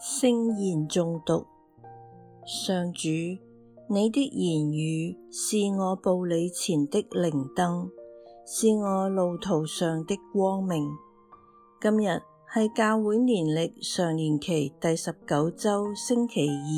聖言誦讀，上主，你的言語是我步履前的靈燈，是我路途上的光明。今日。係教會年曆常年期第十九周星期二，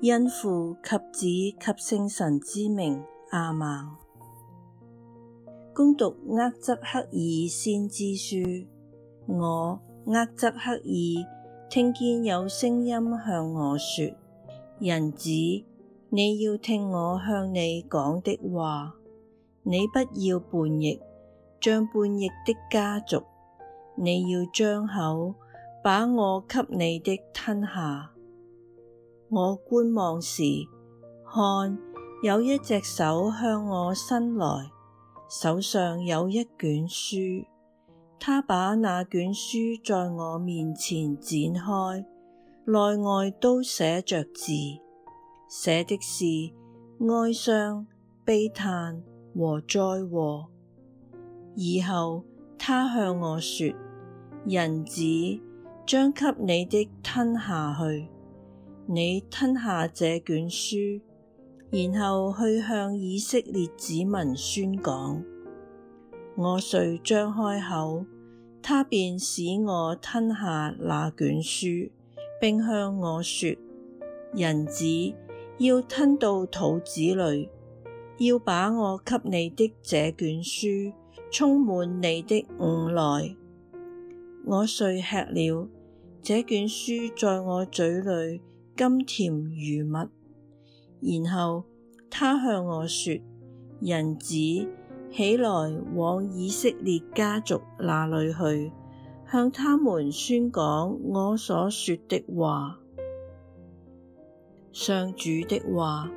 因父及子及聖神之名阿們。恭讀厄則克耳先知書，我厄則克耳聽見有聲音向我說：人子，你要聽我向你講的話，你不要叛逆，像叛逆的家族。你要張口，把我給你的吞下。我觀望時，看，有一隻手向我伸來，手上有一卷書。他把那卷書在我面前展開，內外都寫着字，寫的是哀傷、悲嘆和災禍。以後他向我說。人子，將給你的吞下去，你吞下這卷書，然後去向以色列子民宣講。我遂張開口，他便使我吞下那卷書，並向我說：人子，要吞到肚子裏，要把我給你的這卷書充滿你的五內。我遂吃了，這卷書在我嘴裏甘甜如蜜。然後他向我說：人子起來往以色列家族那裏去，向他們宣講我所說的話，上主的話。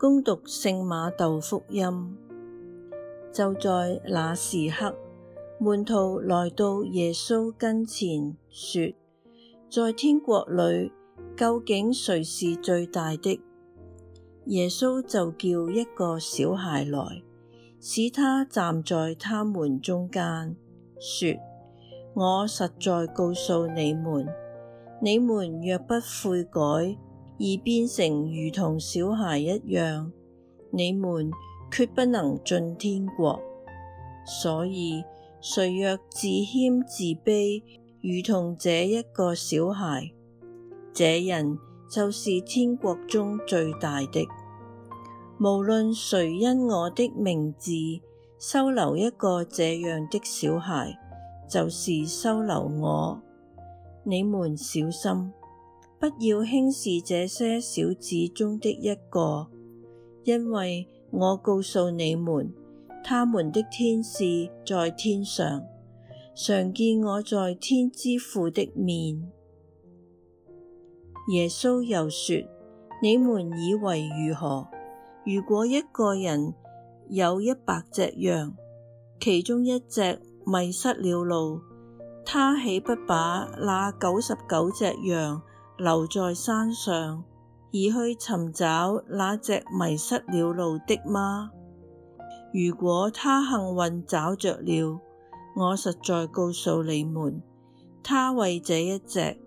恭讀聖瑪竇福音，就在那時刻，門徒來到耶穌跟前，說：在天國裏，究竟誰是最大的？耶穌就叫一個小孩來，使他站在他們中間，說，我實在告訴你們，你們若不悔改，而變成如同小孩一樣，你們決不能進天國。所以，誰若自謙自卑，如同這一個小孩，這人就是天國中最大的。無論誰因我的名字收留一個這樣的小孩，就是收留我。你們小心。不要輕視這些小子中的一個，因為我告訴你們，他們的天使在天上，常見我在天之父的面。耶穌又說：你們以為如何？如果一個人有一百隻羊，其中一隻迷失了路，他豈不把那九十九隻羊？留在山上，而去尋找那隻迷失了路的嗎？如果他幸運找着了，我實在告訴你們，他為這一隻，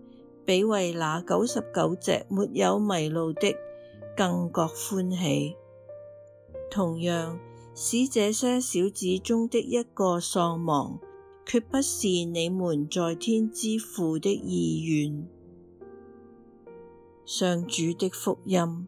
比為那九十九隻沒有迷路的更覺歡喜。同樣，使這些小子中的一個喪亡，決不是你們在天之父的意願。上主的福音。